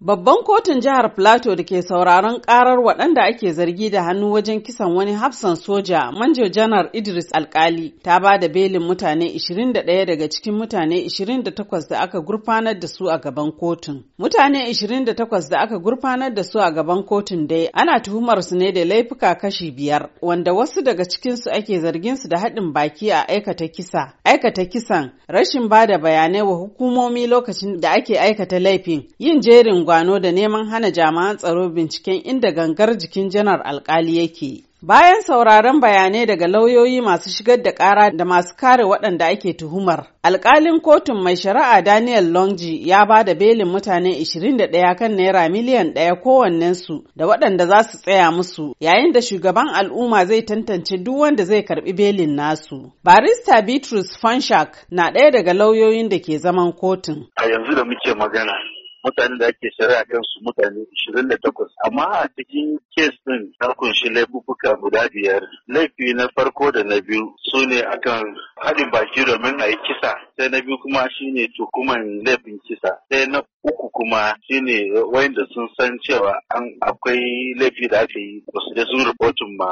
Babban kotun jihar Plateau da ke sauraron karar waɗanda ake zargi da hannu wajen kisan wani hafsan soja manjo janar Idris Alkali ta ba da belin mutane 21 daga cikin mutane 28 da aka gurfanar da su a gaban kotun. Mutane 28 da aka gurfanar da su a gaban kotun dai ana tuhumar su ne da laifuka kashi biyar wanda wasu daga cikinsu ake zargin su da haɗin baki a aikata kisa. Aikata kisan rashin ba da bayanai wa hukumomi lokacin da ake aikata laifin yin jerin gwano da neman hana jama'an tsaro binciken inda gangar jikin janar alkali yake. Bayan sauraron bayanai daga lauyoyi masu shigar da kara da masu kare waɗanda ake tuhumar, alkalin kotun mai shari'a Daniel Longji ya ba da belin mutane 21 kan naira miliyan ɗaya kowannensu da waɗanda za su tsaya musu, yayin da shugaban al'umma zai tantance duk wanda zai karɓi belin nasu. Barista Bitrus Fanshak na ɗaya daga lauyoyin da ke zaman kotun. A yanzu da muke magana, Mutane da ake shari'a kan su mutane 28 amma a cikin kes din ta kunshi laifuka guda biyar laifi na farko da na biyu su ne akan haɗin baki domin a yi kisa sai na biyu kuma shine tukuman laifin kisa sai na uku kuma shine wanda sun san cewa an akwai laifi da aka yi ba su da sun rubutun ma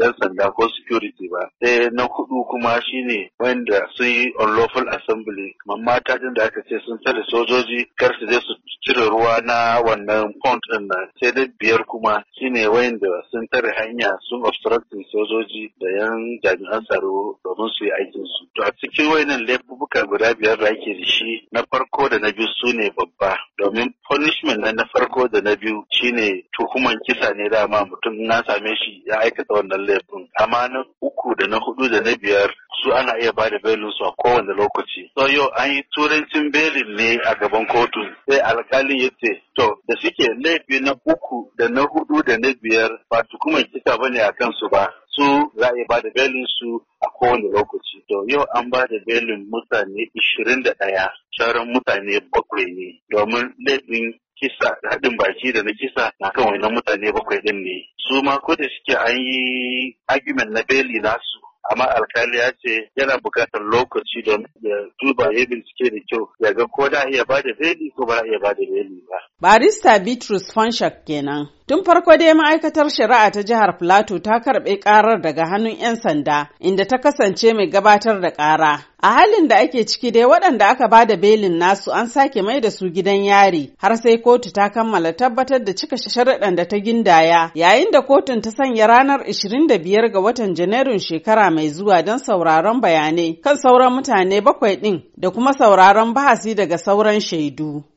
yan sanda ko security ba sai na hudu kuma shine wanda sun yi unlawful assembly mata din da aka ce sun tare sojoji kar su je su cire ruwa na wannan pond din nan sai dai biyar kuma shine wayanda sun tare hanya sun obstructing sojoji da yan jami'an tsaro domin su yi aikin su to a cikin wayannan laifuka guda biyar da ake da shi na farko da na biyu su ne babba domin punishment na na farko da na biyu shine tuhuman kisa ne dama mutum na same shi ya aikata wannan laifin amma na uku da na hudu da na biyar su ana iya ba da belin su a kowane lokaci. So yau an yi turancin belin ne a gaban kotu sai alkali ya ce to da suke laifi na uku da na hudu da na biyar ba tukumar kisa bane a kansu ba. su za a iya ba da belin su a kowane lokaci. To yau an ba da belin mutane ishirin da ɗaya, sauran mutane bakwai ne domin laifin kisa haɗin baki da na kisa na kan wani mutane bakwai ɗin ne. Su ma ko da suke an yi argument na beli nasu amma alkali ya ce yana buƙatar lokaci don ya duba ya bincike da kyau ya ga ko da iya bada beli ko ba iya da beli ba. Barista Bitrus Fanshak kenan. Tun farko dai ma'aikatar shari'a ta jihar Filato ta karɓe ƙarar daga hannun 'yan sanda inda ta kasance mai gabatar da ƙara. A halin da ake ciki dai waɗanda aka ba da belin nasu an sake mai da su gidan yari har sai kotu ta kammala tabbatar da cika sharaɗan da ta gindaya yayin da kotun ta sanya ranar 25 ga watan Janairun shekara mai zuwa don sauraron bayanai kan sauran mutane bakwai ɗin da kuma sauraron bahasi daga sauran shaidu.